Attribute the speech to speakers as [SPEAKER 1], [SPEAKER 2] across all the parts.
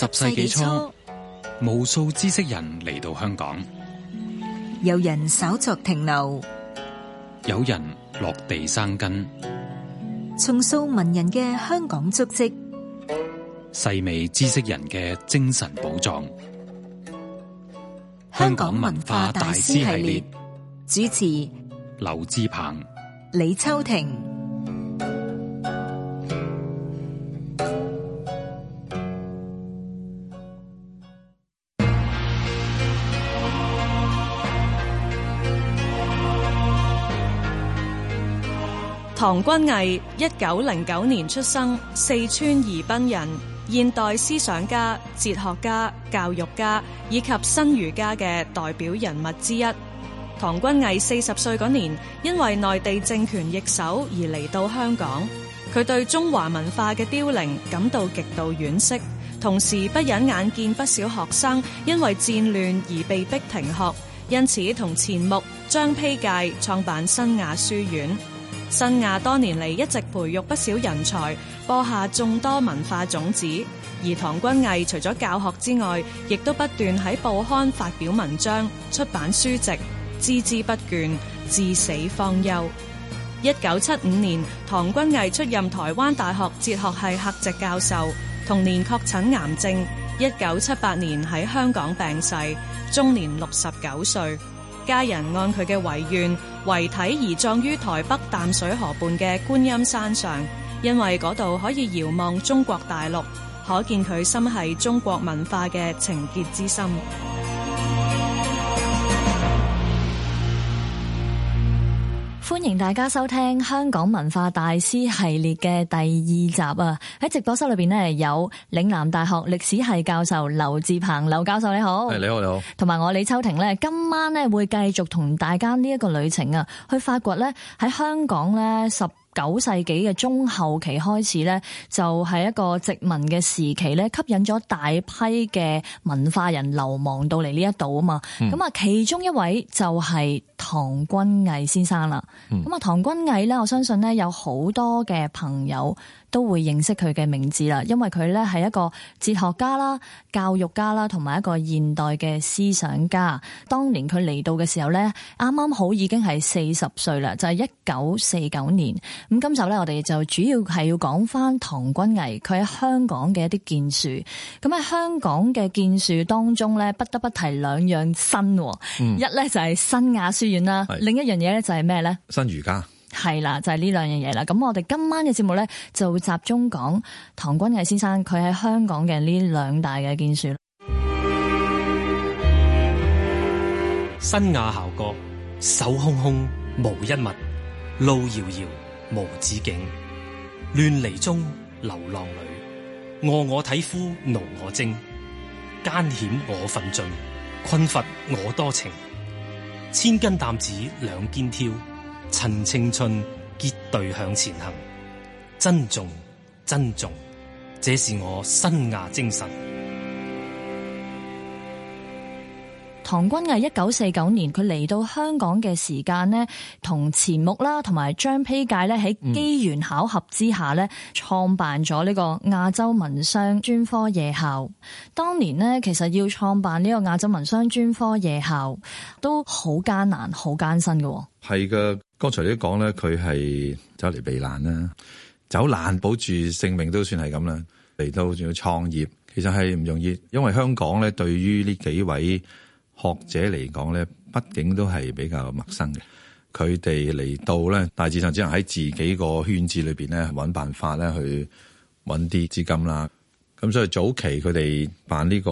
[SPEAKER 1] 十世紀初，紀初無數知識人嚟到香港，
[SPEAKER 2] 有人稍作停留，
[SPEAKER 1] 有人落地生根，
[SPEAKER 2] 重塑文人嘅香港足跡，
[SPEAKER 1] 細味知識人嘅精神寶藏。香港文化大師系列主持：劉志鵬、
[SPEAKER 2] 李秋婷。
[SPEAKER 3] 唐君毅一九零九年出生，四川宜賓人，現代思想家、哲學家、教育家、以及新儒家嘅代表人物之一。唐君毅四十歲嗰年，因為內地政權易手而嚟到香港。佢對中華文化嘅凋零感到極度惋惜，同時不忍眼見不少學生因為戰亂而被迫停學，因此同錢穆、張丕介創辦新亞書院。新亞多年嚟一直培育不少人才，播下眾多文化種子。而唐君毅除咗教學之外，亦都不斷喺報刊發表文章、出版書籍，孜孜不倦，至死方休。一九七五年，唐君毅出任台灣大學哲學系客席教授，同年確診癌症。一九七八年喺香港病逝，終年六十九歲。家人按佢嘅遺願，遺體移葬於台北淡水河畔嘅觀音山上，因為嗰度可以遙望中國大陸，可見佢心繫中國文化嘅情結之心。
[SPEAKER 4] 歡迎大家收聽《香港文化大師系列》嘅第二集啊！喺直播室裏邊咧，有嶺南大學歷史系教授劉志鵬，劉教授你好。你好你好，同埋我李秋婷咧，今晚咧會繼續同大家呢一個旅程啊，去發掘咧喺香港咧十。九世紀嘅中後期開始咧，就係一個殖民嘅時期咧，吸引咗大批嘅文化人流亡到嚟呢一度啊嘛。咁啊，其中一位就係唐君毅先生啦。咁啊，唐君毅咧，我相信咧有好多嘅朋友。都會認識佢嘅名字啦，因為佢咧係一個哲學家啦、教育家啦，同埋一個現代嘅思想家。當年佢嚟到嘅時候咧，啱啱好已經係四十歲啦，就係一九四九年。咁今集咧，我哋就主要係要講返唐君毅佢喺香港嘅一啲建樹。咁喺香港嘅建樹當中咧，不得不提兩樣新、哦，嗯、一咧就係新亞書院啦，是另一樣嘢咧就係咩咧？
[SPEAKER 5] 新儒家。
[SPEAKER 4] 係啦，就係、是、呢兩樣嘢啦。咁我哋今晚嘅節目咧，就會集中講唐君毅先生佢喺香港嘅呢兩大嘅建樹。
[SPEAKER 1] 新亞校歌，手空空無一物，路遙遙無止境，亂離中流浪裏，餓我，我體膚，勞我精，艱險我奮進，困乏我多情，千斤擔子兩肩挑。趁青春結隊向前行，珍重，珍重，這是我新亞精神。
[SPEAKER 4] 唐君毅一九四九年，佢嚟到香港嘅時間呢，同錢穆啦，同埋張丕介呢，喺機緣巧合之下呢，創、嗯、辦咗呢個亞洲文商專科夜校。當年呢，其實要創辦呢個亞洲文商專科夜校都好艱難、好艱辛嘅。
[SPEAKER 5] 係㗎。剛才你講咧，佢係走嚟避難啦，走難保住性命都算係咁啦。嚟到仲要創業，其實係唔容易，因為香港咧對於呢幾位學者嚟講咧，畢竟都係比較陌生嘅。佢哋嚟到咧，大致上只能喺自己個圈子裏面咧揾辦法咧去揾啲資金啦。咁所以早期佢哋辦呢個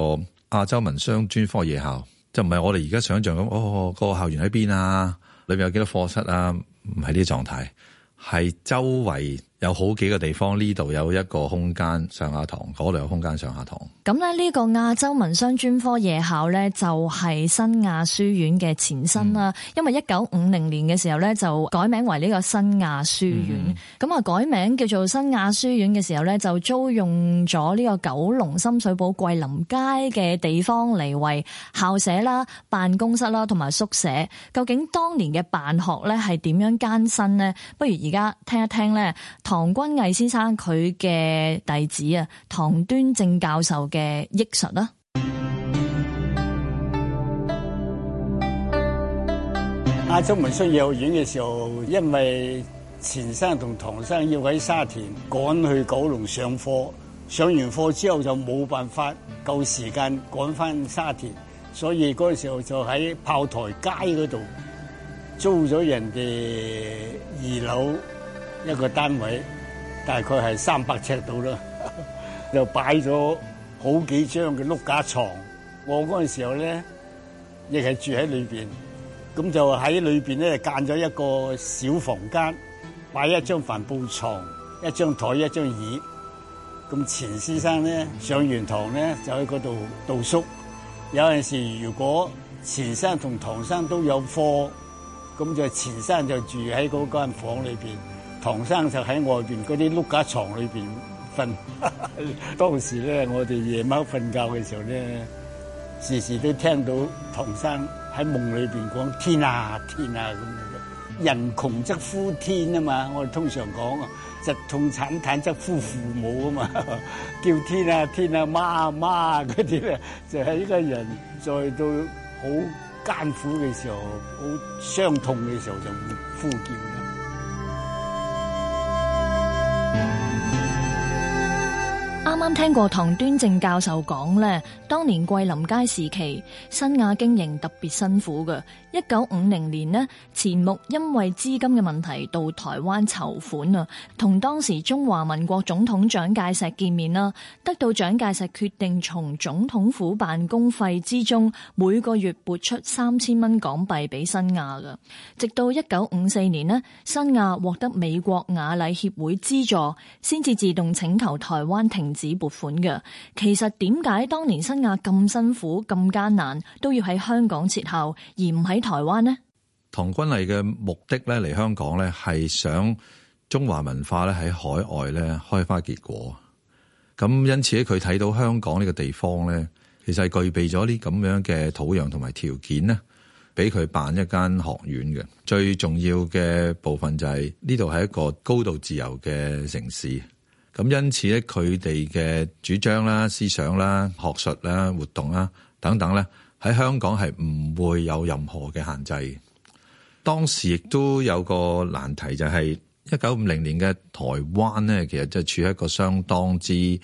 [SPEAKER 5] 亞洲文商專科夜校，就唔係我哋而家想象咁，哦，個校園喺邊啊，裏面有幾多課室啊？唔係，呢個狀態，係周圍有好幾個地方。呢度有一個空間上下堂，嗰度有空間上下堂。
[SPEAKER 4] 咁咧呢個亞洲文商專科夜校咧，就係新亞書院嘅前身啦。嗯、因為一九五零年嘅時候咧，就改名為呢個新亞書院。咁啊、嗯、改名叫做新亞書院嘅時候咧，就租用咗呢個九龍深水埗桂林街嘅地方嚟為校舍啦、辦公室啦同埋宿舍。究竟當年嘅辦學咧係點樣艱辛咧？不如而家聽一聽咧，唐君毅先生佢嘅弟子啊，唐端正教授嘅嘅益術啦。
[SPEAKER 6] 亞洲文商幼兒園嘅時候，因為錢生同唐生要喺沙田趕去九龍上課，上完課之後就冇辦法夠時間趕翻沙田，所以嗰時候就喺炮台街嗰度租咗人哋二樓一個單位，大概係三百尺度啦，就擺咗。好幾張嘅碌架床，我嗰陣時候咧亦係住喺裏邊，咁就喺裏邊咧間咗一個小房間，擺一張帆布床、一張台，一張椅。咁錢先生咧上完堂咧就喺嗰度度宿。有陣時如果錢生同唐生都有課，咁就錢生就住喺嗰間房裏邊，唐生就喺外邊嗰啲碌架床裏邊。瞓， 當時咧，我哋夜晚瞓覺嘅時候咧，時時都聽到唐生喺夢裏邊講天啊天啊咁樣嘅，人窮則呼天啊嘛，我哋通常講講，疾痛慘怛則呼父母啊嘛，叫天啊天啊媽啊媽啊啲咧，就係、是、呢個人再到好艱苦嘅時候，好傷痛嘅時候就呼叫。
[SPEAKER 4] 聽過唐端正教授講呢，當年桂林街時期，新亞經營特別辛苦嘅。一九五零年呢，錢穆因為資金嘅問題到台灣籌款啊，同當時中華民國總統蔣介石見面啦，得到蔣介石決定從總統府辦公費之中每個月撥出三千蚊港幣俾新亞嘅。直到一九五四年呢，新亞獲得美國雅禮協會資助，先至自動請求台灣停止撥款嘅，其實點解當年新亞咁辛苦，咁艱難，都要喺香港設校，而唔喺台灣呢？
[SPEAKER 5] 唐君毅嘅目的咧，嚟香港咧係想中華文化咧喺海外咧開花結果。咁因此佢睇到香港呢個地方咧，其實係具備咗啲咁樣嘅土壤同埋條件咧，俾佢辦一間學院嘅。最重要嘅部分就係呢度係一個高度自由嘅城市。咁因此咧，佢哋嘅主張啦、思想啦、學術啦、活動啦等等咧，喺香港係唔會有任何嘅限制。當時亦都有個難題，就係一九五零年嘅台灣咧，其實就處喺一個相當之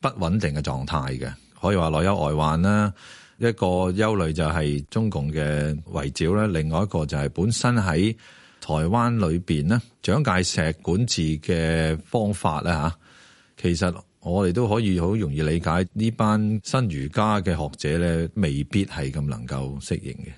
[SPEAKER 5] 不穩定嘅狀態嘅，可以話內憂外患啦。一個憂慮就係中共嘅圍剿啦，另外一個就係本身喺台灣裏邊咧，蔣介石管治嘅方法啦吓。其實我哋都可以好容易理解呢班新儒家嘅學者呢，未必係咁能夠適應嘅，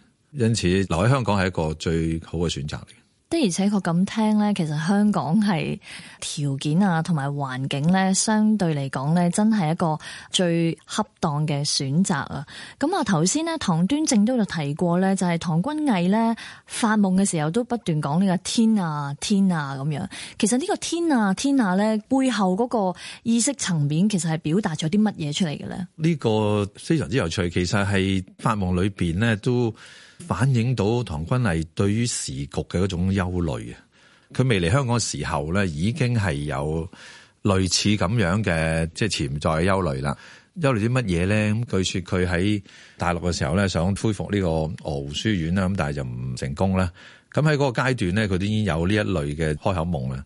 [SPEAKER 5] 因此留喺香港係一個最好嘅選擇嚟嘅。
[SPEAKER 4] 即而且我咁聽咧，其實香港係條件啊，同埋環境咧，相對嚟講咧，真係一個最恰當嘅選擇啊！咁啊，頭先咧，唐端正都有提過咧，就係、是、唐君毅咧發夢嘅時候，都不斷講呢個天啊天啊咁樣。其實呢個天啊天啊咧背後嗰個意識層面，其實係表達咗啲乜嘢出嚟嘅咧？
[SPEAKER 5] 呢個非常之有趣，其實係發夢裏邊咧都。反映到唐君毅對於時局嘅嗰種憂慮啊！佢未嚟香港嘅時候咧，已經係有類似咁樣嘅即係潛在嘅憂慮啦。憂慮啲乜嘢咧？咁據說佢喺大陸嘅時候咧，想恢復呢個鵝湖書院啦，咁但係就唔成功啦。咁喺嗰個階段咧，佢都已經有呢一類嘅開口夢啦。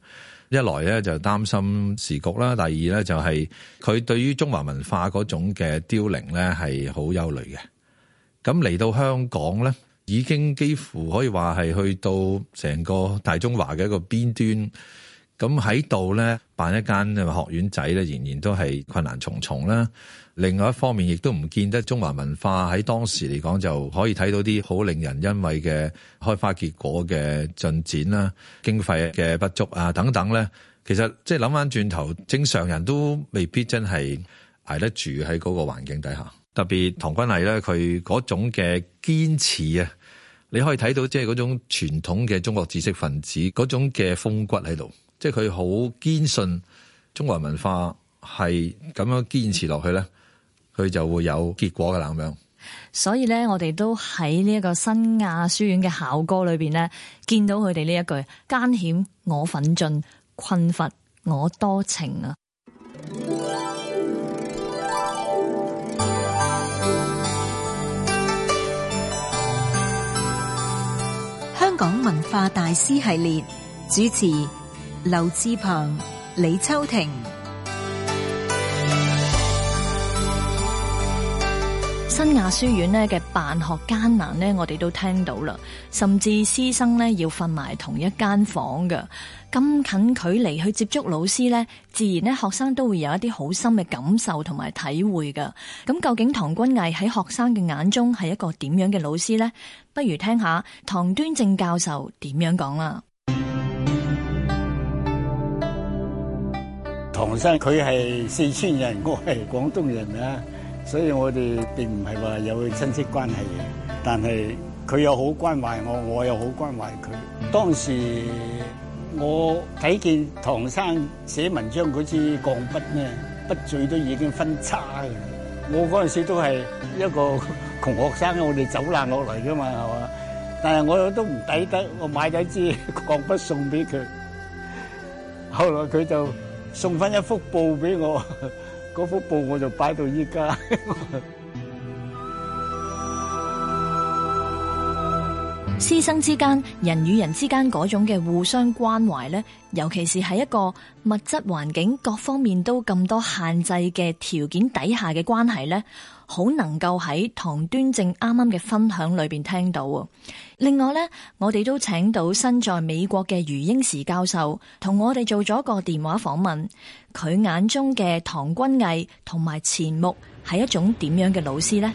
[SPEAKER 5] 一來咧就擔心時局啦，第二咧就係佢對於中華文化嗰種嘅凋零咧係好憂慮嘅。咁嚟到香港咧，已經幾乎可以話係去到成個大中華嘅一個邊端。咁喺度咧，辦一間學院仔咧，仍然都係困難重重啦。另外一方面，亦都唔見得中華文化喺當時嚟講就可以睇到啲好令人欣慰嘅開花結果嘅進展啦。經費嘅不足啊，等等咧，其實即係諗翻轉頭正常人都未必真係捱得住喺嗰個環境底下。特別唐君毅咧，佢嗰種嘅堅持啊，你可以睇到即係嗰種傳統嘅中國知識分子嗰種嘅風骨喺度，即係佢好堅信中華文化係咁樣堅持落去咧，佢就會有結果嘅咁樣。
[SPEAKER 4] 所以咧，我哋都喺呢一個新亞書院嘅校歌裏邊咧，見到佢哋呢一句艱險我奮進，困乏我多情啊。
[SPEAKER 2] 港文化大師系列主持：劉志鵬、李秋婷。
[SPEAKER 4] 新亞書院咧嘅辦學艱難咧，我哋都聽到啦，甚至師生咧要瞓埋同一間房㗎，咁近距離去接觸老師咧，自然咧學生都會有一啲好深嘅感受同埋體會噶。咁究竟唐君毅喺學生嘅眼中係一個點樣嘅老師呢？不如聽下唐端正教授點樣講啦。
[SPEAKER 6] 唐生佢係四川人，我係廣東人啊。所以我哋並唔係話有親戚關係嘅，但係佢又好關懷我，我又好關懷佢。當時我睇見唐生寫文章嗰支鋼筆咧，筆嘴都已經分叉嘅。我嗰陣時都係一個窮學生，我哋走難落嚟嘅嘛，係嘛？但係我都唔抵得，我買咗一支鋼筆送俾佢。後來佢就送翻一幅布俾我。嗰幅布我就擺到依家。
[SPEAKER 4] 師生之間、人與人之間嗰種嘅互相關懷呢，尤其是喺一個物質環境各方面都咁多限制嘅條件底下嘅關係呢，好能夠喺唐端正啱啱嘅分享裏邊聽到。另外呢，我哋都請到身在美國嘅余英時教授，同我哋做咗個電話訪問。佢眼中嘅唐君毅同埋錢穆係一種點樣嘅老師呢？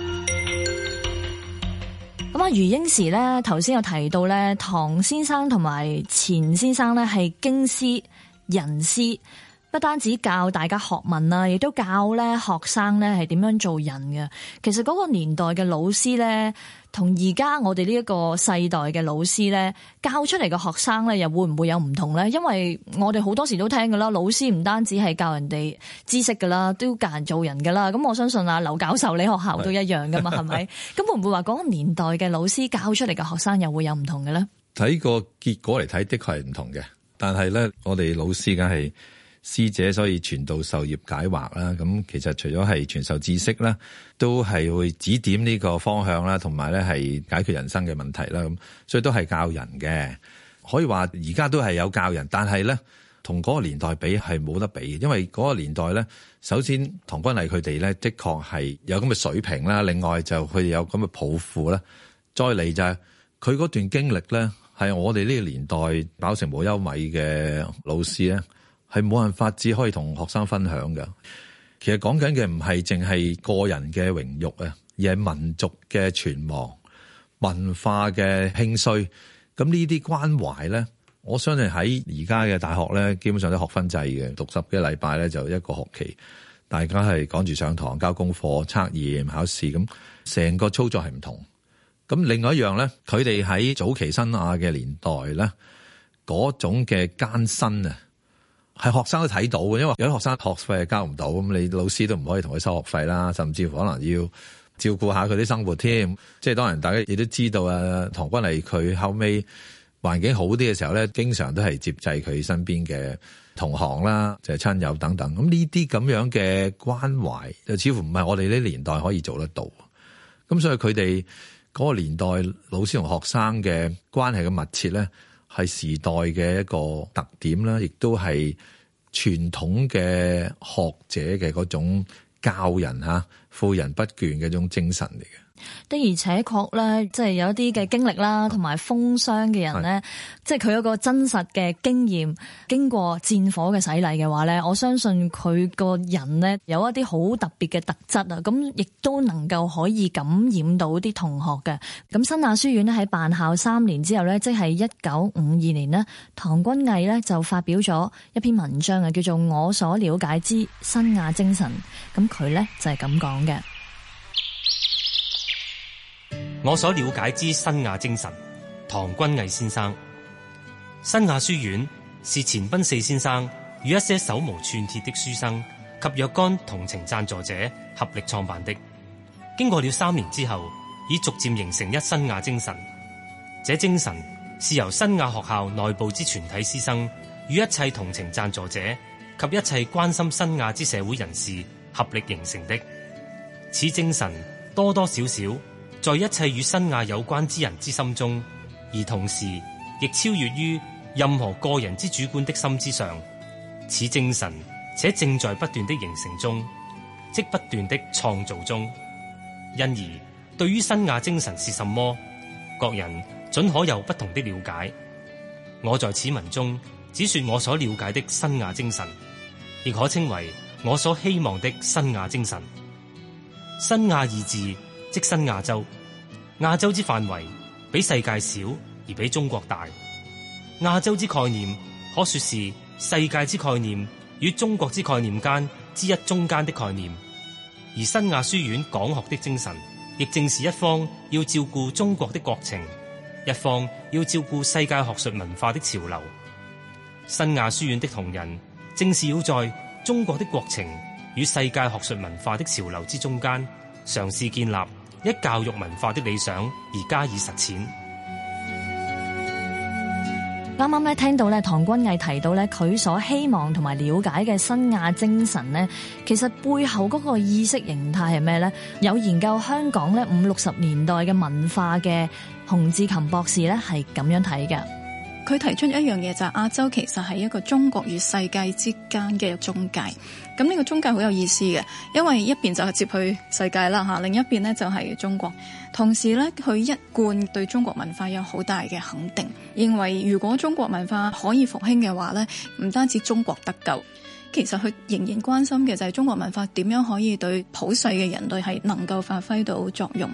[SPEAKER 4] 咁啊，余英時咧，頭先有提到咧，唐先生同埋錢先生咧，係經師人師。不單止教大家學問啦，亦都教咧學生咧係點樣做人嘅。其實嗰個年代嘅老師咧，同而家我哋呢一個世代嘅老師咧，教出嚟嘅學生咧，又會唔會有唔同咧？因為我哋好多時都聽噶啦，老師唔單止係教人哋知識噶啦，都教人做人噶啦。咁我相信啊，劉教授你學校都一樣噶嘛，係咪？ 咁會唔會話嗰個年代嘅老師教出嚟嘅學生又會有唔同嘅咧？
[SPEAKER 5] 睇個結果嚟睇，的確係唔同嘅。但係咧，我哋老師梗係。師者，所以傳道授業解惑啦。咁其實除咗係傳授知識啦，都係會指點呢個方向啦，同埋咧係解決人生嘅問題啦。咁所以都係教人嘅，可以話而家都係有教人。但係咧，同嗰個年代比係冇得比，因為嗰個年代咧，首先唐君毅佢哋咧的確係有咁嘅水平啦，另外就佢哋有咁嘅抱負啦。再嚟就係佢嗰段經歷咧，係我哋呢個年代飽食無憂米嘅老師咧。係冇人法子可以同學生分享㗎。其實講緊嘅唔係淨係個人嘅榮辱，啊，而係民族嘅存亡、文化嘅興衰。咁呢啲關懷咧，我相信喺而家嘅大學咧，基本上都學分制嘅，讀十幾禮拜咧就一個學期，大家係趕住上堂、交功課、測驗、考試，咁成個操作係唔同。咁另外一樣咧，佢哋喺早期新亞嘅年代咧，嗰種嘅艱辛啊！係學生都睇到嘅，因為有啲學生學費交唔到，咁你老師都唔可以同佢收學費啦，甚至乎可能要照顧下佢啲生活添。嗯、即係當然，大家亦都知道啊，唐君毅佢後尾環境好啲嘅時候咧，經常都係接濟佢身邊嘅同行啦，就係、是、親友等等。咁呢啲咁樣嘅關懷，就似乎唔係我哋呢年代可以做得到。咁所以佢哋嗰個年代，老師同學生嘅關係嘅密切咧。係時代嘅一個特點啦，亦都係傳統嘅學者嘅嗰種教人吓誨人不倦嘅一種精神嚟嘅。
[SPEAKER 4] 的而且確咧，即係有一啲嘅經歷啦，同埋風霜嘅人呢，即係佢有個真實嘅經驗，經過戰火嘅洗禮嘅話呢，我相信佢個人呢有一啲好特別嘅特質啊！咁亦都能夠可以感染到啲同學嘅。咁新亞書院呢，喺辦校三年之後呢，即係一九五二年呢，唐君毅呢就發表咗一篇文章啊，叫做《我所了解之新亞精神》。咁佢呢就係咁講嘅。
[SPEAKER 1] 我所了解之新亞精神，唐君毅先生。新亞書院是錢賓四先生與一些手無寸鐵的書生及若干同情贊助者合力創辦的。經過了三年之後，已逐漸形成一新亞精神。這精神是由新亞學校內部之全體師生與一切同情贊助者及一切關心新亞之社會人士合力形成的。此精神多多少少。在一切與新亞有關之人之心中，而同時亦超越於任何個人之主觀的心之上，此精神且正在不斷的形成中，即不斷的創造中。因而對於新亞精神是什麼，各人准可有不同的了解。我在此文中只說我所了解的新亞精神，亦可稱為我所希望的新亞精神。新亞二字。即新亞洲，亞洲之範圍比世界小而比中國大。亞洲之概念可說是世界之概念與中國之概念間之一中間的概念。而新亞書院講學的精神，亦正是一方要照顧中國的國情，一方要照顧世界學術文化的潮流。新亞書院的同仁，正是要在中國的國情與世界學術文化的潮流之中間，嘗試建立。一教育文化的理想而加以實踐。
[SPEAKER 4] 啱啱咧聽到咧唐君毅提到咧佢所希望同埋了解嘅新亞精神咧，其實背後嗰個意識形態係咩咧？有研究香港咧五六十年代嘅文化嘅洪志琴博士咧係咁樣睇嘅。佢提出一樣嘢，就係亞洲其實係一個中國與世界之
[SPEAKER 7] 間嘅中介。咁呢個中介好有意思嘅，因為一邊就係接去世界啦，吓，另一邊呢就係中國。同時呢，佢一貫對中國文化有好大嘅肯定，認為如果中國文化可以復興嘅話呢，唔單止中國得救，其實佢仍然關心嘅就係中國文化點樣可以對普世嘅人類係能夠發揮到作用。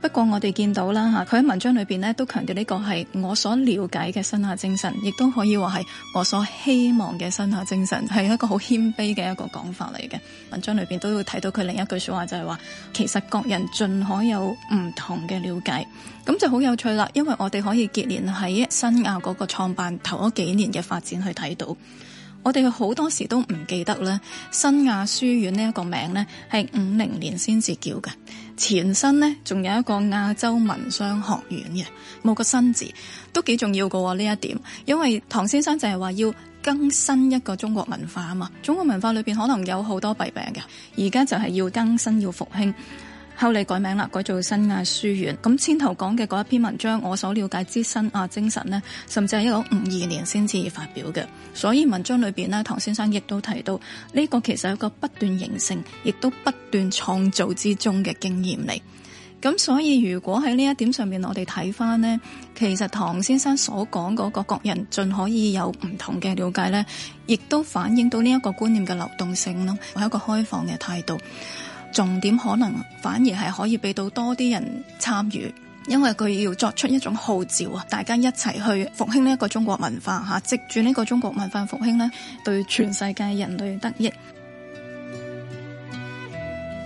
[SPEAKER 7] 不過我哋見到啦嚇，佢喺文章裏面咧都強調呢個係我所了解嘅新亞精神，亦都可以話係我所希望嘅新亞精神，係一個好謙卑嘅一個講法嚟嘅。文章裏面都會睇到佢另一句說話，就係話其實各人盡可有唔同嘅了解，咁就好有趣啦。因為我哋可以結連喺新亞嗰個創辦頭幾年嘅發展去睇到，我哋好多時都唔記得咧，新亞書院呢一個名咧係五零年先至叫嘅。前身呢，仲有一個亞洲文商學院嘅，冇個新字，都幾重要喎、啊。呢一點，因為唐先生就係話要更新一個中國文化啊嘛，中國文化裏邊可能有好多弊病嘅，而家就係要更新，要復興。後嚟改名啦，改做新亞書院。咁先頭講嘅嗰一篇文章，我所了解之新亞精神呢，甚至係一九五二年先至發表嘅。所以文章裏面呢，唐先生亦都提到呢個其實係一個不斷形成，亦都不斷創造之中嘅經驗嚟。咁所以如果喺呢一點上面，我哋睇翻呢，其實唐先生所講嗰個各人盡可以有唔同嘅了解呢，亦都反映到呢一個觀念嘅流動性咯，或者一個開放嘅態度。重點可能反而係可以俾到多啲人參與，因為佢要作出一種號召啊！大家一齊去復興呢一個中國文化吓，藉住呢個中國文化復興呢，對全世
[SPEAKER 4] 界人類得益。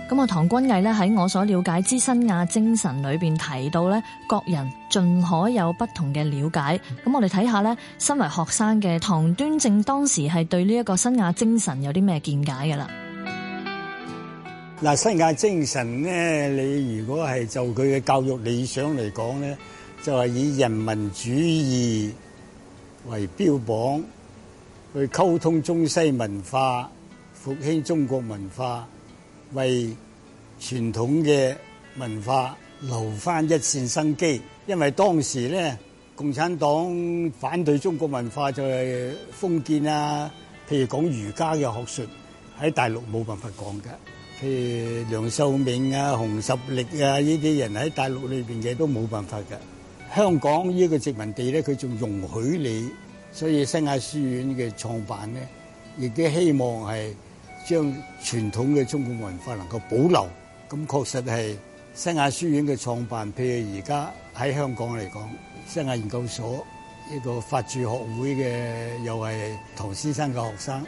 [SPEAKER 4] 咁啊、嗯，唐君毅呢，喺我所了解之新亞精神裏邊提到呢，各人盡可有不同嘅了解。咁我哋睇下呢，身為學生嘅唐端正當時係對呢一個新亞精神有啲咩見解噶啦？
[SPEAKER 6] 嗱，新亞精神咧，你如果係就佢嘅教育理想嚟講咧，就係、是、以人民主義為標榜，去溝通中西文化，復興中國文化，為傳統嘅文化留翻一線生機，因為當時咧，共產黨反對中國文化就係封建啊，譬如講儒家嘅學術，喺大陸冇辦法講嘅。譬如梁漱溟啊、熊十力啊呢啲人喺大陸裏邊嘅都冇辦法㗎。香港呢個殖民地咧，佢仲容許你，所以新亞書院嘅創辦咧，亦都希望係將傳統嘅中國文化能夠保留。咁確實係新亞書院嘅創辦譬如而家喺香港嚟講新亞研究所一個法住學會嘅，又係唐先生嘅學生，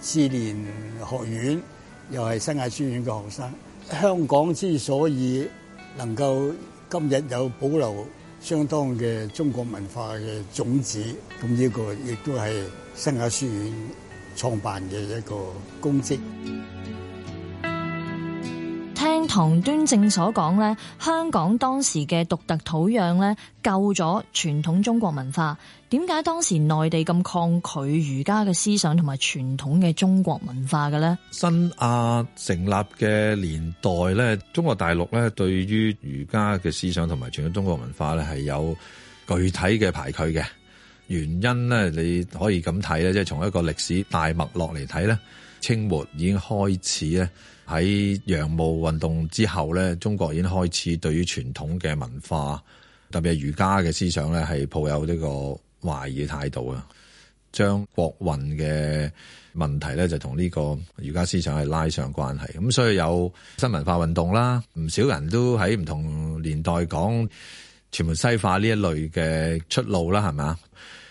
[SPEAKER 6] 智聯學院。又係新亞書院嘅學生，香港之所以能夠今日有保留相當嘅中國文化嘅種子，咁呢個亦都係新亞書院創辦嘅一個功績。
[SPEAKER 4] 唐端正所講咧，香港當時嘅獨特土壤咧，救咗傳統中國文化。點解當時內地咁抗拒儒家嘅思想同埋傳統嘅中國文化嘅咧？新
[SPEAKER 5] 亞成立嘅年代咧，中國大陸咧對於儒家嘅思想同埋傳統中國文化咧係有具體嘅排拒嘅原因咧，你可以咁睇咧，即係從一個歷史大脈絡嚟睇咧，清末已經開始咧。喺洋務運動之後咧，中國已經開始對於傳統嘅文化，特別係儒家嘅思想咧，係抱有呢個懷疑嘅態度啊。將國運嘅問題咧，就同呢個儒家思想係拉上關係。咁所以有新文化運動啦，唔少人都喺唔同年代講全面西化呢一類嘅出路啦，係咪？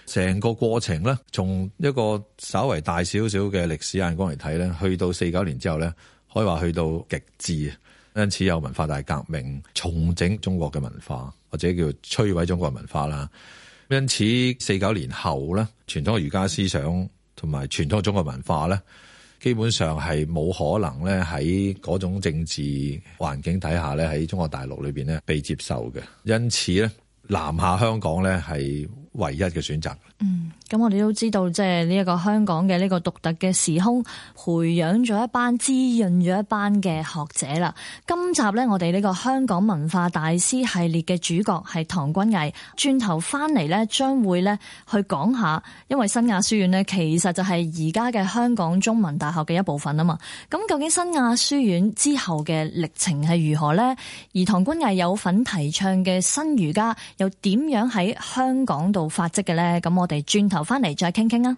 [SPEAKER 5] 成個過程咧，從一個稍為大少少嘅歷史眼光嚟睇咧，去到四九年之後咧。可以話去到極致，因此有文化大革命，重整中國嘅文化，或者叫摧毀中國文化啦。因此四九年後咧，傳統嘅儒家思想同埋傳統嘅中國文化咧，基本上係冇可能咧喺嗰種政治環境底下咧喺中國大陸裏邊咧被接受嘅。因此咧，南下香港咧係唯一嘅選擇。嗯，
[SPEAKER 4] 咁我哋都知道，即係呢一個香港嘅呢個獨特嘅時空，培養咗一班滋潤咗一班嘅學者啦。今集咧，我哋呢個香港文化大師系列嘅主角係唐君毅，轉頭翻嚟咧，將會咧去講下，因為新亞書院咧，其實就係而家嘅香港中文大學嘅一部分啊嘛。咁究竟新亞書院之後嘅歷程係如何咧？而唐君毅有份提倡嘅新儒家，又點樣喺香港度？法則嘅咧，咁我哋轉頭翻嚟再傾傾啊。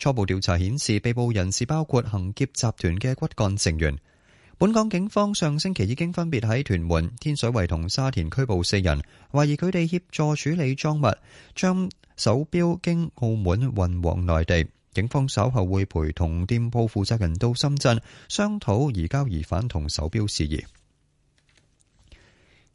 [SPEAKER 8] 初步調查顯示，被捕人士包括行劫集團嘅骨幹成員。本港警方上星期已經分別喺屯門、天水圍同沙田拘捕四人，懷疑佢哋協助處理贓物，將手錶經澳門運往內地。警方稍後會陪同店鋪負責人到深圳商討移交疑犯同手錶事宜。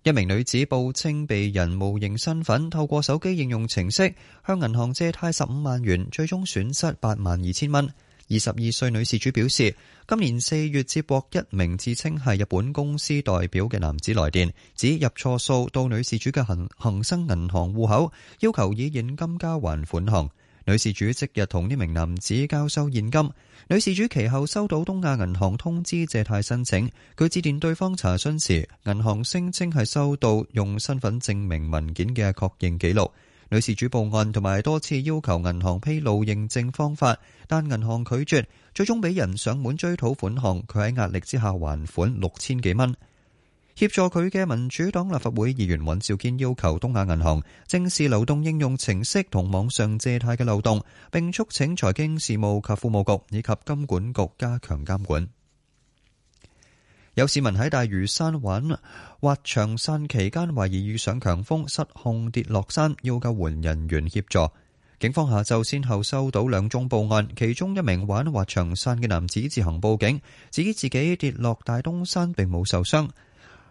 [SPEAKER 8] 一名女子報稱被人冒認身份，透過手機應用程式向銀行借貸十五萬元，最終損失八萬二千蚊。二十二歲女事主表示，今年四月接獲一名自稱係日本公司代表嘅男子來電，指入錯數到女事主嘅恒恒生銀行戶口，要求以現金交還款項。女事主即日同呢名男子交收現金，女事主其後收到東亞銀行通知借貸申請，佢致電對方查詢時，銀行聲稱係收到用身份證明文件嘅確認記錄，女事主報案同埋多次要求銀行披露認證方法，但銀行拒絕，最終俾人上門追討款項，佢喺壓力之下還款六千幾蚊。協助佢嘅民主黨立法會議員尹兆堅要求東亞銀行正視流動應用程式同網上借貸嘅漏洞，並促請財經事務及庫務局以及金管局加強監管。有市民喺大嶼山玩滑翔傘期間，懷疑遇上強風失控跌落山，要救援人員協助。警方下晝先後收到兩宗報案，其中一名玩滑翔傘嘅男子自行報警，指自己跌落大東山並，並冇受傷。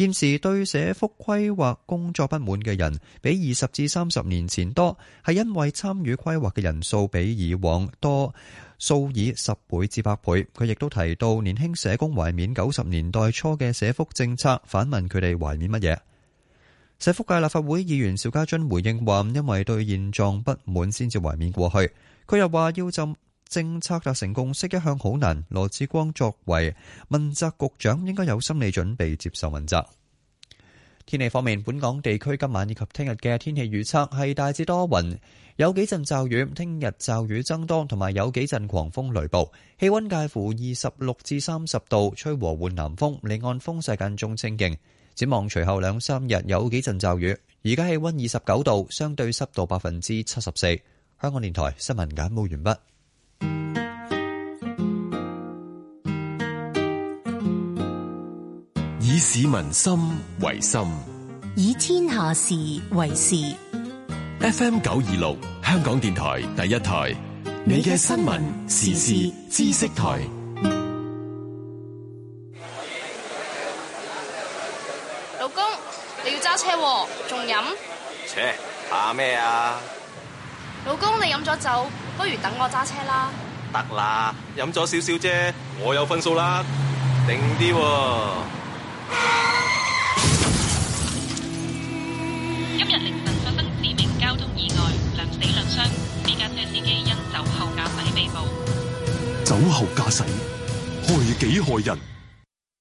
[SPEAKER 8] 現時對社福規劃工作不滿嘅人比二十至三十年前多，係因為參與規劃嘅人數比以往多數以十倍至百倍。佢亦都提到年輕社工懷緬九十年代初嘅社福政策，反問佢哋懷緬乜嘢？社福界立法會議員邵家臻回應話，因為對現狀不滿先至懷緬過去。佢又話要就。政策達成共識一向好難。羅智光作為問責局長，應該有心理準備接受問責。天氣方面，本港地區今晚以及聽日嘅天氣預測係大致多雲，有幾陣驟雨。聽日驟雨增多，同埋有幾陣狂風雷暴。氣溫介乎二十六至三十度，吹和緩南風，離岸風勢間中清勁。展望隨後兩三日有幾陣驟雨。而家氣溫二十九度，相對濕度百分之七十四。香港電台新聞簡報完畢。
[SPEAKER 1] 以市民心
[SPEAKER 6] 為心，
[SPEAKER 9] 以天下事為事。
[SPEAKER 6] F. M. 九二六香港電台第一台，你嘅新聞時事知識台。
[SPEAKER 9] 老公，你要揸車，仲飲？
[SPEAKER 5] 切，怕咩啊？
[SPEAKER 4] 老公，你飲咗酒，不如等我揸車啦。
[SPEAKER 1] 得啦，飲咗少少啫，我有分數啦，定啲。
[SPEAKER 3] 今日凌晨發生致命交通意外，兩死兩傷，私家車司機因酒後駕駛被捕。
[SPEAKER 1] 酒後駕駛，
[SPEAKER 5] 害己害人。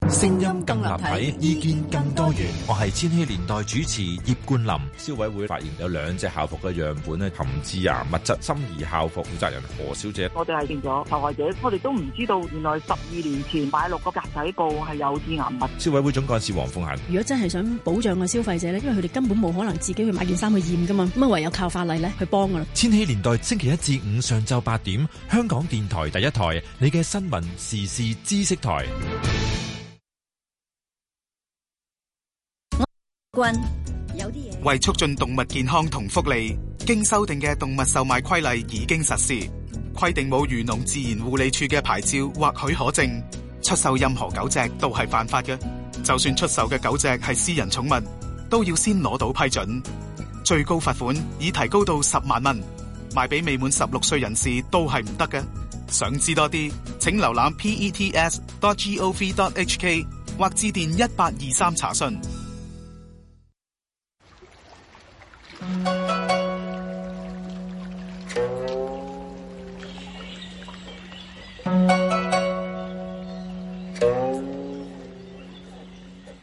[SPEAKER 5] 聲音更立體，意見更多元。我係千禧年代主持葉冠林。消委會發現有兩隻校服嘅樣本呢，含致癌物質。心儀校服負責人何小姐，我
[SPEAKER 1] 哋係變咗受害者，我哋都唔知道，原來十二年前買落個格仔布係有致癌
[SPEAKER 5] 物。消委會總幹事黃鳳嫻，
[SPEAKER 1] 如果真係
[SPEAKER 9] 想保障個消費者呢，因為佢哋根本冇可能自己去買件衫去驗噶嘛，咁啊唯有靠法例呢去幫
[SPEAKER 5] 㗎喇。千禧年代星期一至五上晝八點，香港電台第一台，你嘅新聞時事知識台。
[SPEAKER 1] 為促進動物健康同福利，經修訂嘅動物售賣規例已經實施，規定冇漁農自然護理處嘅牌照或許可證，出售任何狗隻都係犯法嘅。就算出售嘅狗隻係私人寵物，都要先攞到批准。最高罰款已提高到十萬蚊，賣俾未滿十六歲人士都係唔得嘅。想知多啲，請瀏覽 pets.gov.hk 或致電一八二三查詢。二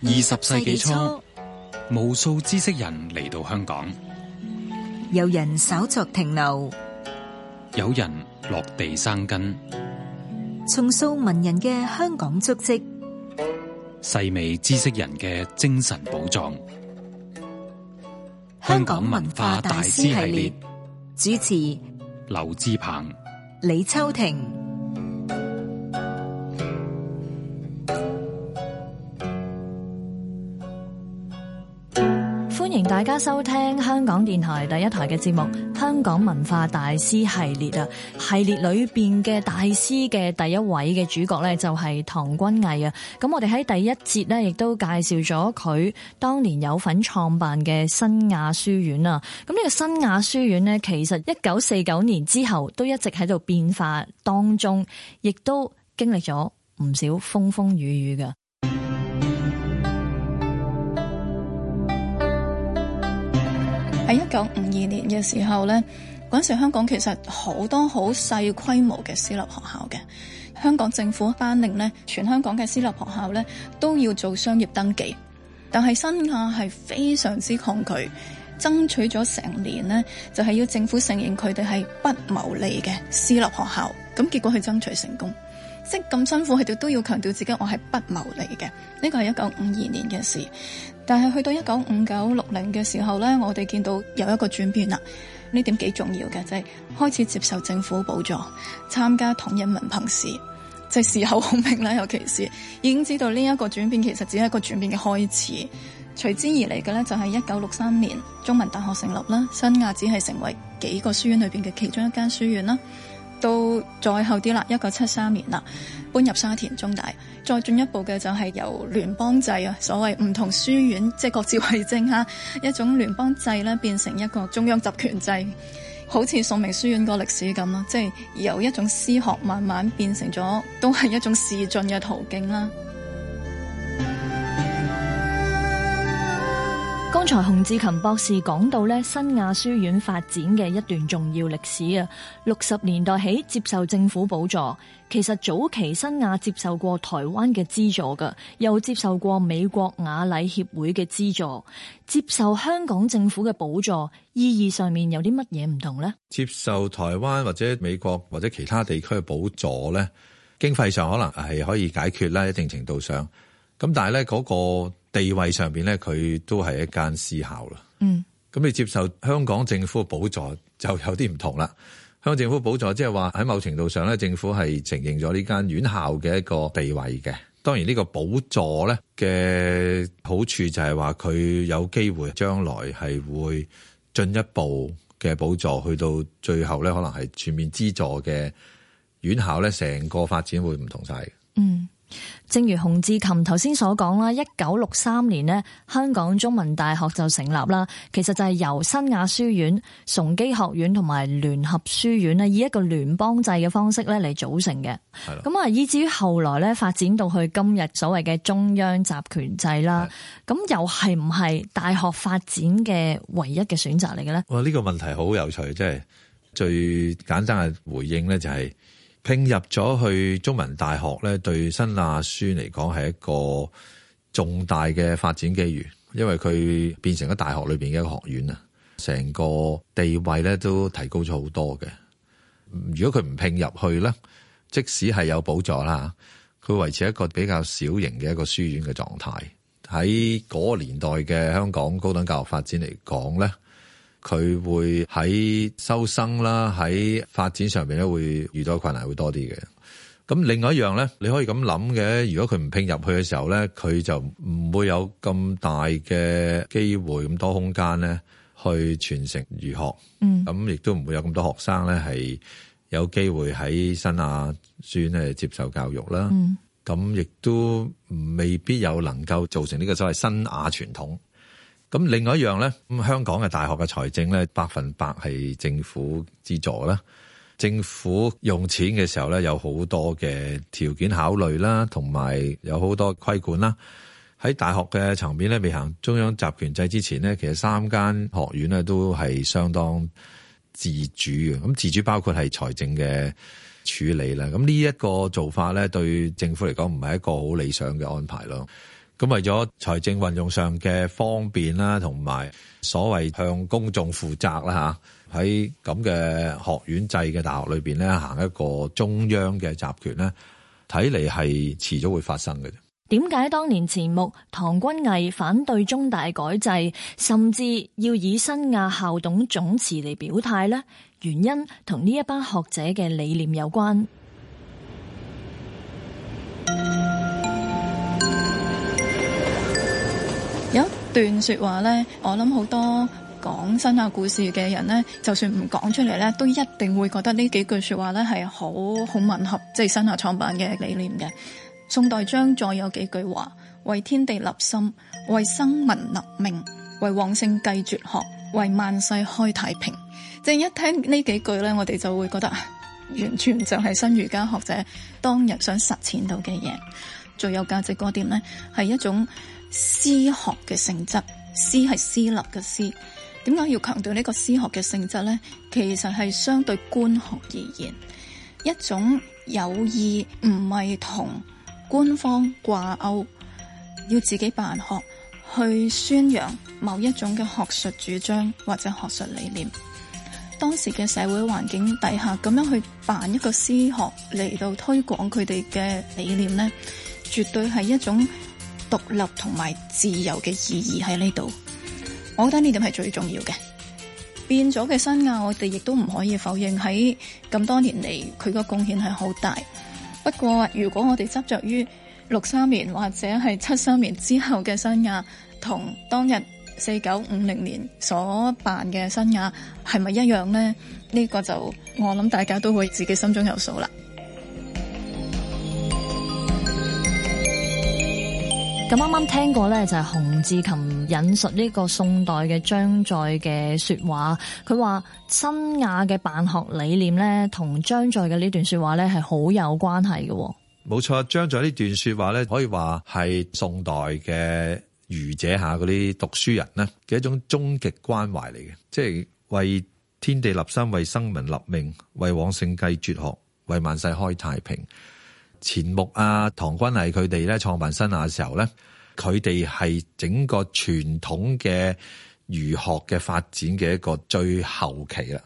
[SPEAKER 1] 十世紀初，無數知識人嚟到香港，
[SPEAKER 2] 有人稍作停留，
[SPEAKER 1] 有人落地生根，
[SPEAKER 2] 重塑文人嘅香港足跡，
[SPEAKER 1] 細味知識人嘅精神寶藏。香港文化大師系列
[SPEAKER 2] 主持：劉志鵬、李秋婷。
[SPEAKER 4] 大家收聽香港電台第一台嘅節目《香港文化大師系列》啊，系列裏邊嘅大師嘅第一位嘅主角咧就係唐君毅啊。咁我哋喺第一節咧，亦都介紹咗佢當年有份創辦嘅新亞書院啊。咁、這、呢個新亞書院咧，其實一九四九年之後都一直喺度變化當中，亦都經歷咗唔少風風雨雨嘅。
[SPEAKER 7] 喺一九五二年嘅時候呢，嗰陣時，香港其實好多好細規模嘅私立學校嘅，香港政府頒令呢，全香港嘅私立學校呢，都要做商業登記，但係新亞係非常之抗拒，爭取咗成年呢，就係要政府承認佢哋係不牟利嘅私立學校，咁結果佢爭取成功。即咁辛苦，佢哋都要強調自己我係不牟利嘅。呢、這個係一九五二年嘅事，但係去到一九五九、六零嘅時候咧，我哋見到有一個轉變啦。呢點幾重要嘅，就係、是、開始接受政府補助，參加統一文憑試，就係事後好明啦。尤其是已經知道呢一個轉變，其實只係一個轉變嘅開始。隨之而嚟嘅咧，就係一九六三年中文大學成立啦，新亞只係成為幾個書院裏邊嘅其中一間書院啦。到再後啲啦，一九七三年啦，搬入沙田中大。再進一步嘅就係由聯邦制啊，所謂唔同書院即係各自為政哈，一種聯邦制咧變成一個中央集權制，好似宋明書院個歷史咁咯，即、就是、由一種私學慢慢變成咗，都係一
[SPEAKER 4] 種仕進嘅途徑啦。剛才洪志勤博士講到咧新亞書院發展嘅一段重要歷史啊，六十年代起接受政府補助，其實早期新亞接受過台灣嘅資助噶，又接受過美國雅禮協會嘅資助，接受香港政府嘅補助，意義上面有啲乜嘢唔同呢？
[SPEAKER 5] 接受台灣或者美國或者其他地區嘅補助咧，經費上可能係可以解決啦，一定程度上，咁但係咧嗰個。地位上邊咧，佢都係一間私校啦。嗯，咁你接受香港政府補助就有啲唔同啦。香港政府補助即係話喺某程度上咧，政府係承認咗呢間院校嘅一個地位嘅。當然呢個補助咧嘅好處就係話佢有機會將來係會進一步嘅補助，去到最後咧可能係全面資助嘅院校咧，成個發展會唔同晒。嗯。
[SPEAKER 4] 正如洪志琴頭先所講啦，一九六三年呢，香港中文大學就成立啦。其實就係由新亞書院、崇基學院同埋聯合書院咧，以一個聯邦制嘅方式咧嚟組成嘅。咁啊的，以至於後來咧發展到去今日所謂嘅中央集權制啦，咁的又係唔係大學發展嘅唯一嘅選擇嚟嘅咧？
[SPEAKER 5] 哇！呢、這個問題好有趣，即係最簡單嘅回應咧就係、是。併入咗去中文大學咧，對新亞書嚟講係一個重大嘅發展機遇，因為佢變成咗大學裏邊嘅一個學院啊，成個地位咧都提高咗好多嘅。如果佢唔併入去咧，即使係有補助啦，佢維持一個比較小型嘅一個書院嘅狀態，喺嗰個年代嘅香港高等教育發展嚟講咧。佢會喺收生啦，喺發展上面咧會遇到困難會多啲嘅。咁另外一樣咧，你可以咁諗嘅，如果佢唔拼入去嘅時候咧，佢就唔會有咁大嘅機會、咁多空間咧去傳承儒學。嗯，咁亦都唔會有咁多學生咧係有機會喺新亞專咧接受教育啦。嗯，咁亦都未必有能夠造成呢個所謂新亞傳統。咁另外一樣呢，咁香港嘅大學嘅財政呢，百分百係政府資助啦。政府用錢嘅時候呢，有好多嘅條件考慮啦，同埋有好多規管啦。喺大學嘅層面呢，未行中央集權制之前呢，其實三間學院呢都係相當自主嘅。咁自主包括係財政嘅處理啦。咁呢一個做法呢，對政府嚟講唔係一個好理想嘅安排咯。咁為咗財政運用上嘅方便啦，同埋所謂向公眾負責啦，吓，喺咁嘅學院制嘅大學裏邊咧，行一個中央嘅集權咧，睇嚟係遲早會發生嘅啫。
[SPEAKER 4] 點解當年錢穆唐君毅反對中大改制，甚至要以新亞校董總辭嚟表態呢？原因同呢一班學者嘅理念有關。 有一
[SPEAKER 7] 段說話咧，我諗好多講新亞故事嘅人咧，就算唔講出嚟咧，都一定會覺得呢幾句說話咧係好好吻合，即係新亞創辦嘅理念嘅。宋代張載有幾句話：為天地立心，為生民立命，為往聖繼絕學，為萬世開太平。正一聽呢幾句咧，我哋就會覺得完全就係新儒家學者當日想實踐到嘅嘢，最有價值嗰點咧係一種。私學嘅性質，私係私立嘅私。點解要強調呢個私學嘅性質呢？其實係相對官學而言，一種有意唔係同官方掛勾，要自己辦學去宣揚某一種嘅學術主張或者學術理念。當時嘅社會環境底下，咁樣去辦一個私學嚟到推廣佢哋嘅理念呢，絕對係一種。獨立同埋自由嘅意義喺呢度，我覺得呢點係最重要嘅。變咗嘅新亞，我哋亦都唔可以否認喺咁多年嚟佢個貢獻係好大。不過，如果我哋執着於六三年或者係七三年之後嘅新亞，同當日四九五零年所辦嘅新亞係咪一樣呢？呢、這個就我諗大家都會自己心中有數啦。
[SPEAKER 4] 咁啱啱聽過咧，就係洪志琴引述呢個宋代嘅張載嘅說話，佢話新亞嘅辦學理念咧，同張載嘅呢段說話咧係好有關係嘅。
[SPEAKER 5] 冇錯，張載呢段說話咧，可以話係宋代嘅儒者下嗰啲讀書人呢嘅一種終極關懷嚟嘅，即係為天地立心，為生民立命，為往聖繼絕學，為萬世開太平。錢穆啊、唐君毅佢哋咧創辦新亞嘅時候咧，佢哋係整個傳統嘅儒學嘅發展嘅一個最後期啦。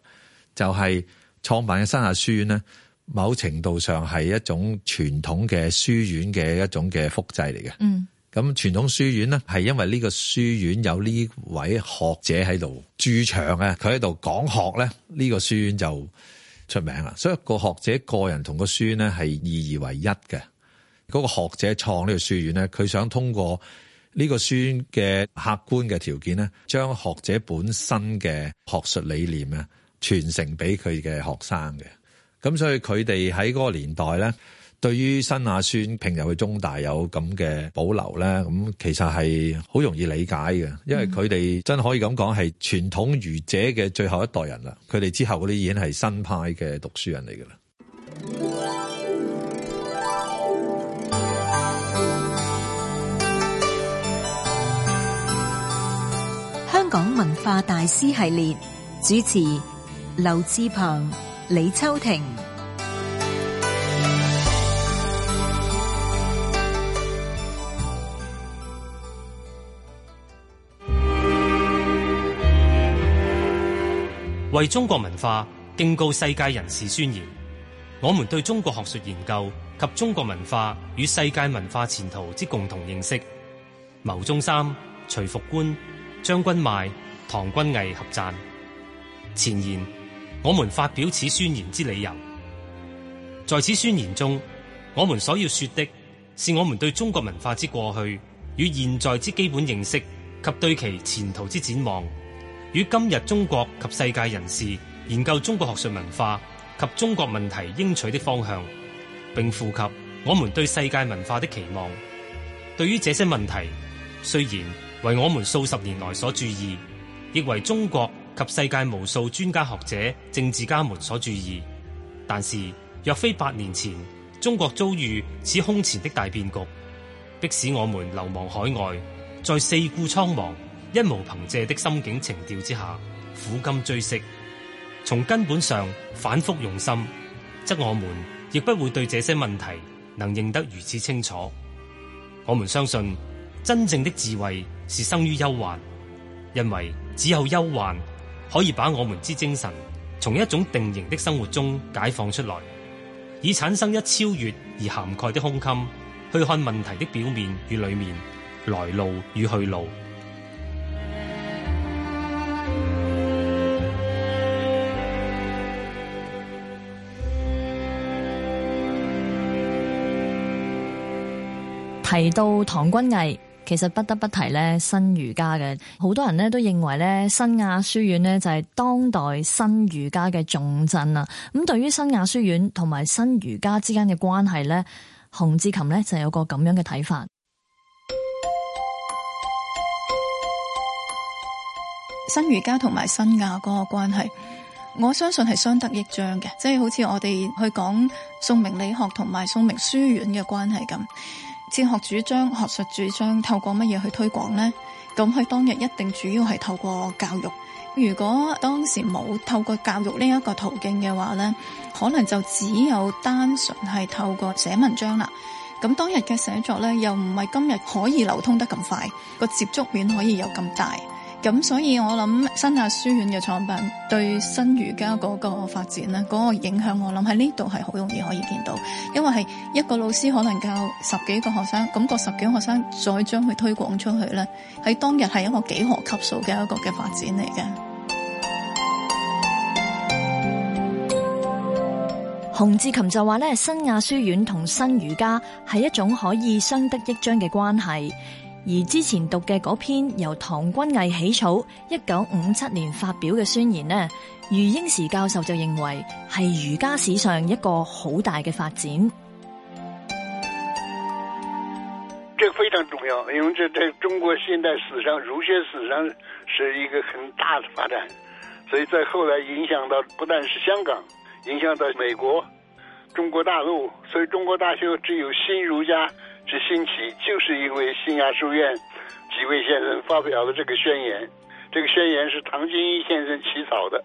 [SPEAKER 5] 就係、是、創辦嘅新亞書院咧，某程度上係一種傳統嘅書院嘅一種嘅複製嚟嘅。嗯，咁傳統書院咧係因為呢個書院有呢位學者喺度駐場啊，佢喺度講學咧，呢、這個書院就。出名啦，所以個學者個人同個書院咧係二而為一嘅。嗰、嗰個學者創呢個書院咧，佢想通過呢個書院嘅客觀嘅條件咧，將學者本身嘅學術理念咧傳承俾佢嘅學生嘅，咁所以佢哋喺嗰個年代咧。對於新亞孫平日去中大有咁嘅保留咧，咁其實係好容易理解嘅，因為佢哋真係可以咁講係傳統儒者嘅最後一代人啦，佢哋之後嗰啲已經係新派嘅讀書人嚟噶啦。
[SPEAKER 2] 香港文化大師系列主持：劉志鵬、李秋婷。
[SPEAKER 1] 為中國文化敬告世界人士宣言：，我們對中國學術研究及中國文化與世界文化前途之共同認識。牟宗三、徐復觀、張君勱、唐君毅合贊。前言：，我們發表此宣言之理由，在此宣言中，我們所要說的是我們對中國文化之過去與現在之基本認識及對其前途之展望。與今日中國及世界人士研究中國學術文化及中國問題應取的方向，並附及我們對世界文化的期望。對於這些問題，雖然為我們數十年來所注意，亦為中國及世界無數專家學者、政治家們所注意。但是，若非八年前中國遭遇此空前的大變局，迫使我們流亡海外，在四顧蒼茫，一無憑借的心境情調之下，苦甘追悉，從根本上反覆用心，則我們亦不會對這些問題能認得如此清楚。我們相信，真正的智慧是生於憂患，因為只有憂患可以把我們之精神從一種定型的生活中解放出來，以產生一超越而涵蓋的胸襟，去看問題的表面與裏面、來路與去路。
[SPEAKER 4] 提到唐君毅，其實不得不提咧新儒家嘅好多人咧，都認為咧，新亞書院咧就係當代新儒家嘅重鎮啊。咁對於新亞書院同埋新儒家之間嘅關係咧，熊志琴咧就有個咁樣嘅睇法。
[SPEAKER 7] 新儒家同埋新亞嗰個關係，我相信係相得益彰嘅，即係好似我哋去講宋明理學同埋宋明書院嘅關係咁。哲學主張、學術主張，透過乜嘢去推廣呢？咁佢當日一定主要係透過教育。如果當時冇透過教育呢一個途徑嘅話呢，可能就只有單純係透過寫文章啦。咁當日嘅寫作呢，又唔係今日可以流通得咁快，個接觸面可以有咁大。咁所以我諗新亞書院嘅創辦對新儒家嗰個發展咧，嗰個影響我諗喺呢度係好容易可以見到，因為係一個老師可能教十幾個學生，咁個十幾個學生再將佢推廣出去呢，喺當日係一個
[SPEAKER 4] 幾何級數嘅一個嘅發展嚟嘅。洪志琴就話咧，新亞書院同新儒家係一種可以相得益彰嘅關係。而之前讀嘅嗰篇由唐君毅起草、一九五七年發表嘅宣言呢，余英時教授就認為係儒家史上一個好大嘅發展。
[SPEAKER 6] 這非常重要，因為這對中國現代史上、儒學史上是一個很大的發展，所以在後來影響到不但是香港，影響到美國、中國大陸，所以中國大學只有新儒家。是新奇，就是因為新亞書院幾位先生發表了這個宣言，這個宣言是唐君毅先生起草的，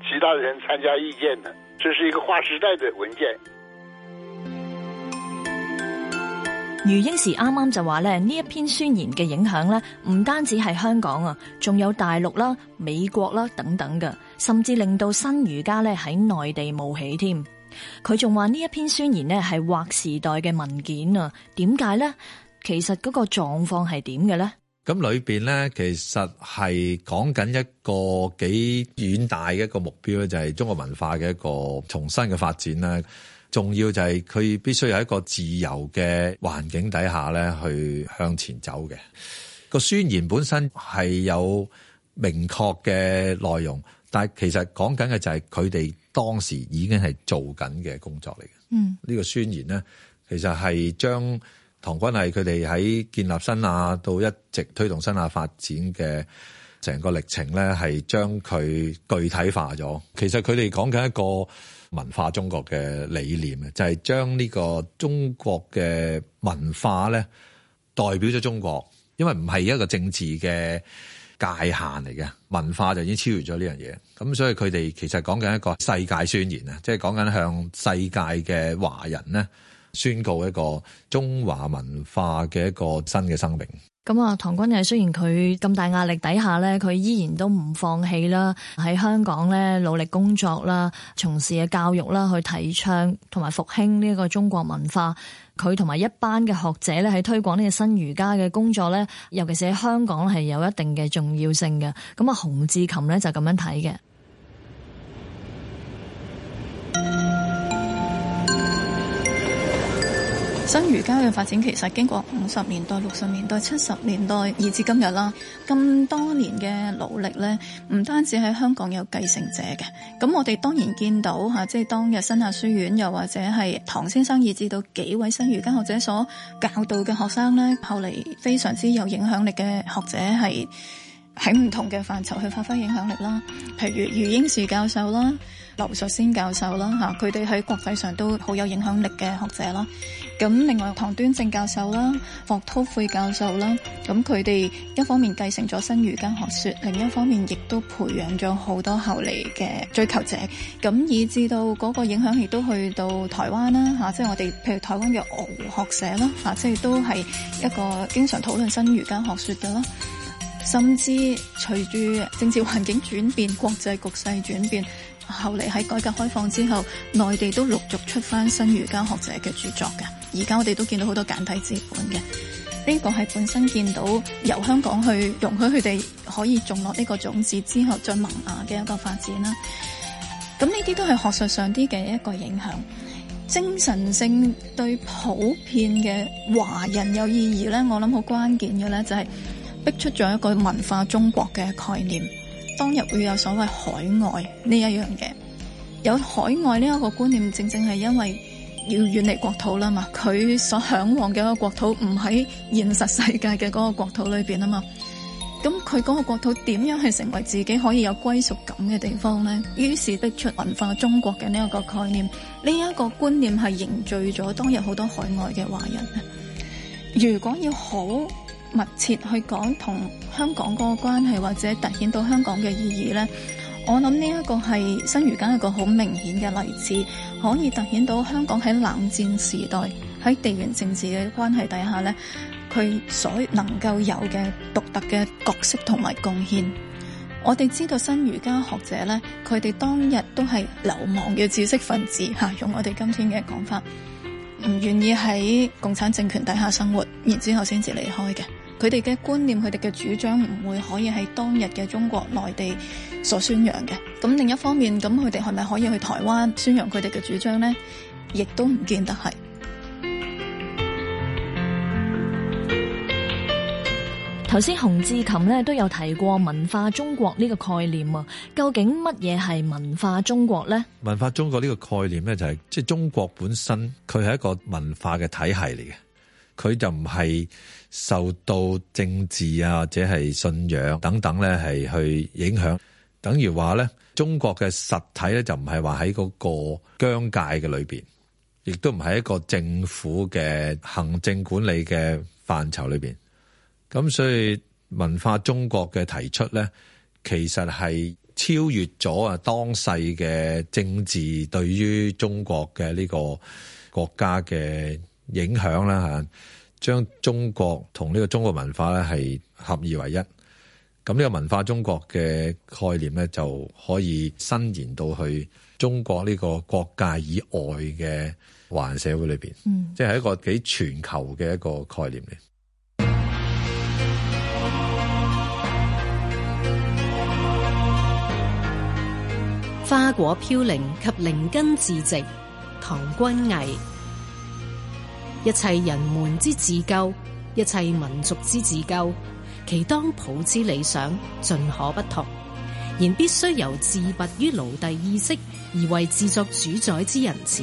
[SPEAKER 6] 其他的人參加意見的，這是一個劃時代的文件。
[SPEAKER 4] 余英時啱啱就話咧，呢一篇宣言嘅影響呢，唔單止係香港啊，仲有大陸啦、美國啦等等嘅，甚至令到新儒家呢喺內地冒起添。佢仲話呢一篇宣言咧係劃時代嘅文件啊。點解咧？其實嗰個狀況係點嘅咧？
[SPEAKER 5] 咁裏邊咧，其實係講緊一個幾遠大嘅一個目標，就係中國文化嘅一個重新嘅發展啦。重要就係佢必須有一個自由嘅環境底下咧去向前走嘅。個宣言本身係有明確嘅內容，但係其實講緊嘅就係佢哋當時已經係做緊嘅工作嚟嘅，嗯、呢個宣言咧，其實係將唐君毅係佢哋喺建立新亞到一直推動新亞發展嘅成個歷程咧，係將佢具體化咗。其實佢哋講緊一個文化中國嘅理念啊，就係將呢個中國嘅文化咧代表咗中國，因為唔係一個政治嘅。界限嚟嘅文化就已經超越咗呢樣嘢，咁所以佢哋其實講緊一個世界宣言啊，即係講緊向世界嘅華人咧宣告一個中華文化嘅一個新嘅生命。
[SPEAKER 4] 咁啊，唐君毅雖然佢咁大壓力底下咧，佢依然都唔放棄啦，喺香港咧努力工作啦，從事嘅教育啦，去提倡同埋復興呢個中國文化。佢同埋一班嘅學者咧，喺推廣呢個新儒家嘅工作咧，尤其是喺香港係有一定嘅重要性嘅。咁啊，洪志琴咧就咁樣睇嘅。
[SPEAKER 7] 新儒家嘅發展其實經過五十年代、六十年代、七十年代以至今日啦，咁多年嘅努力咧，唔單止喺香港有繼承者嘅，咁我哋當然見到嚇，即係當日新亞書院又或者係唐先生以至到幾位新儒家學者所教導嘅學生咧，後嚟非常之有影響力嘅學者係喺唔同嘅範疇去發揮影響力啦，譬如余英時教授啦。劉述先教授啦，嚇，佢哋喺國際上都好有影響力嘅學者啦。咁另外唐端正教授啦，霍韜晦教授啦，咁佢哋一方面繼承咗新儒家學說，另一方面亦都培養咗好多後嚟嘅追求者。咁以至到嗰個影響亦都去到台灣啦，嚇，即係我哋譬如台灣嘅鵝湖學社啦，嚇，即係都係一個經常討論新儒家學說嘅啦。甚至隨住政治環境轉變，國際局勢轉變。後嚟喺改革開放之後，內地都陸續出翻新儒家學者嘅著作嘅。而家我哋都見到好多簡體字本嘅，呢個係本身見到由香港去容許佢哋可以種落呢個種子之後再萌芽嘅一個發展啦。咁呢啲都係學術上啲嘅一個影響。精神性對普遍嘅華人有意義咧，我諗好關鍵嘅咧就係逼出咗一個文化中國嘅概念。當日會有所謂海外呢一樣嘢，有海外呢一個觀念，正正係因為要遠離國土啦嘛，佢所向往嘅一個國土唔喺現實世界嘅嗰個國土裏邊啊嘛，咁佢嗰個國土點樣去成為自己可以有歸屬感嘅地方呢？於是逼出文化中國嘅呢一個概念，呢一個觀念係凝聚咗當日好多海外嘅華人啊！如果要好。密切去講同香港個關係，或者凸顯到香港嘅意義呢，我諗呢一個係新儒家一個好明顯嘅例子，可以凸顯到香港喺冷戰時代，喺地緣政治嘅關係底下呢，佢所能夠有嘅獨特嘅角色同埋貢獻。我哋知道新儒家學者呢，佢哋當日都係流亡嘅知識分子嚇，用我哋今天嘅講法，唔願意喺共產政權底下生活，然之後先至離開嘅。佢哋嘅觀念，佢哋嘅主張唔會可以喺當日嘅中國內地所宣揚嘅。咁另一方面，咁佢哋係咪可以去台灣宣揚佢哋嘅主張呢？亦都唔見得係。
[SPEAKER 4] 頭先洪志琴咧都有提過文化中國呢個概念啊。究竟乜嘢係文化中國呢？
[SPEAKER 5] 文化中國呢個概念呢，就是，就係即係中國本身，佢係一個文化嘅體系嚟嘅，佢就唔係。受到政治啊，或者係信仰等等咧，係去影響，等於話咧，中國嘅實體咧就唔係話喺嗰個疆界嘅裏邊，亦都唔係一個政府嘅行政管理嘅範疇裏邊。咁所以文化中國嘅提出咧，其實係超越咗啊當世嘅政治對於中國嘅呢個國家嘅影響啦吓。將中國同呢個中國文化咧係合二為一，咁呢個文化中國嘅概念咧就可以伸延到去中國呢個國界以外嘅華人社會裏邊，嗯，即係一個幾全球嘅一個概念嚟。
[SPEAKER 9] 花果飄零及靈根自植，唐君毅。一切人們之自救，一切民族之自救，其當抱之理想盡可不同，然必須由自拔於奴隸意識，而為自作主宰之人始。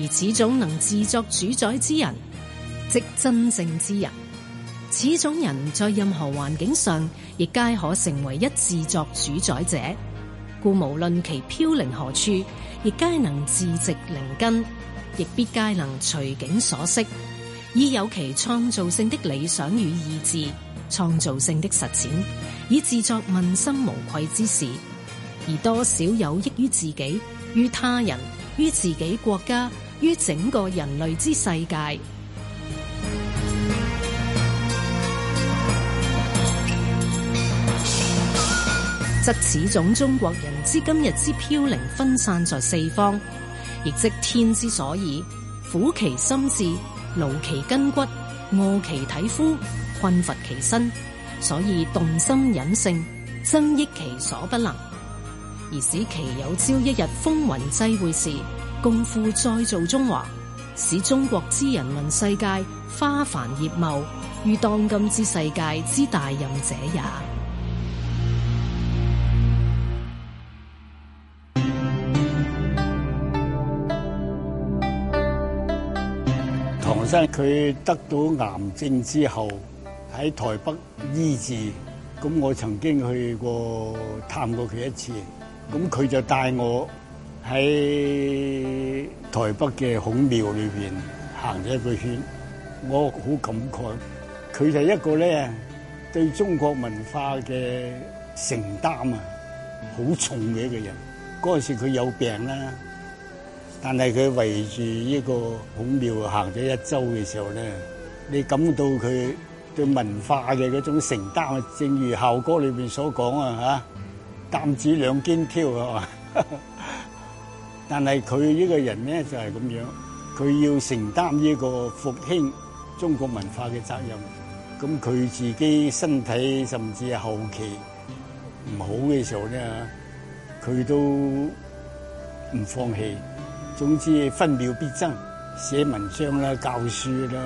[SPEAKER 9] 而此種能自作主宰之人，即真正之人。此種人在任何環境上，亦皆可成為一自作主宰者，故無論其飄零何處，亦皆能自植靈根。亦必皆能隨境所適，以有其創造性的理想與意志，創造性的實踐，以自作問心無愧之事，而多少有益於自己、於他人、於自己國家、於整個人類之世界，則此種中國人之今日之飄零分散在四方。亦即天之所以苦其心志，勞其筋骨，餓其體膚，困乏其身，所以動心忍性，增益其所不能，而使其有朝一日風雲際會時，共赴再造中華，使中國之人文世界花繁葉茂，於當今之世界之大任者也。
[SPEAKER 6] 佢得到癌症之後，喺台北醫治，咁我曾經去過探過佢一次，咁佢就帶我喺台北嘅孔廟裏邊行咗一個圈，我好感慨，佢就係一個咧對中國文化嘅承擔啊，好重嘅一個人。嗰陣時佢有病啦。但係佢圍住呢個孔廟行咗一周嘅時候咧，你感到佢對文化嘅嗰種承擔，正如校裏面校歌裏邊所講啊嚇，擔子兩肩挑啊！嘛、啊，但係佢呢個人咧就係、是、咁樣，佢要承擔呢個復興中國文化嘅責任。咁佢自己身體甚至係後期唔好嘅時候咧，佢都唔放棄。總之分秒必爭，寫文章啦、教書啦、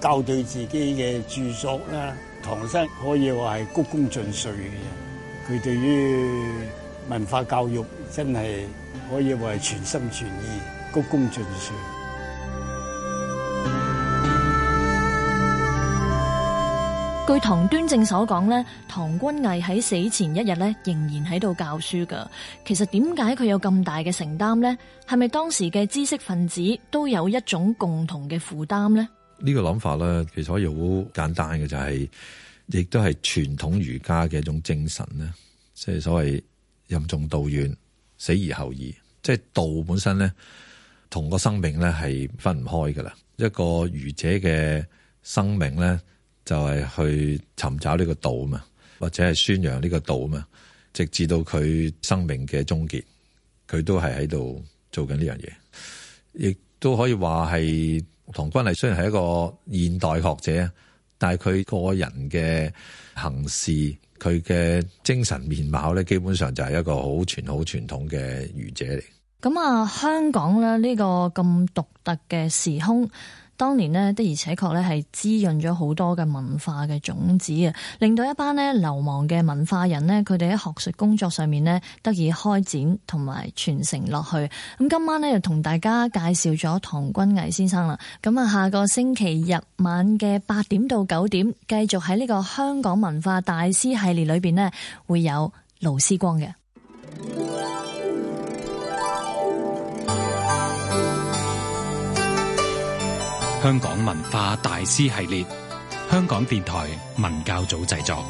[SPEAKER 6] 校對自己嘅著作啦，唐生可以話係鞠躬盡瘁嘅人。佢對於文化教育真係可以話係全心全意、鞠躬盡瘁。
[SPEAKER 4] 據唐端正所講咧，唐君毅喺死前一日咧，仍然喺度教書噶。其實點解佢有咁大嘅承擔咧？係咪當時嘅知識分子都有一種共同嘅負擔咧？
[SPEAKER 5] 呢個諗法咧，其實可以好簡單嘅，就是，就係亦都係傳統儒家嘅一種精神咧，即係所謂任重道遠，死而後已。即係道本身咧，同個生命咧係分唔開噶啦。一個儒者嘅生命咧。就係去尋找呢個道嘛，或者係宣揚呢個道嘛，直至到佢生命嘅終結，佢都係喺度做緊呢樣嘢。亦都可以話係唐君毅雖然係一個現代學者，但係佢個人嘅行事，佢嘅精神面貌咧，基本上就係一個好傳好傳統嘅儒者嚟。
[SPEAKER 4] 咁啊，香港咧呢個咁獨特嘅時空。當年呢，的而且確咧係滋潤咗好多嘅文化嘅種子啊，令到一班呢流亡嘅文化人呢，佢哋喺學術工作上面呢，得以開展同埋傳承落去。咁今晚呢，又同大家介紹咗唐君毅先生啦。咁啊，下個星期日晚嘅八點到九點，繼續喺呢個香港文化大師系列裏邊呢，會有勞思光嘅。
[SPEAKER 1] 香港文化大師系列，香港電台文教組製作。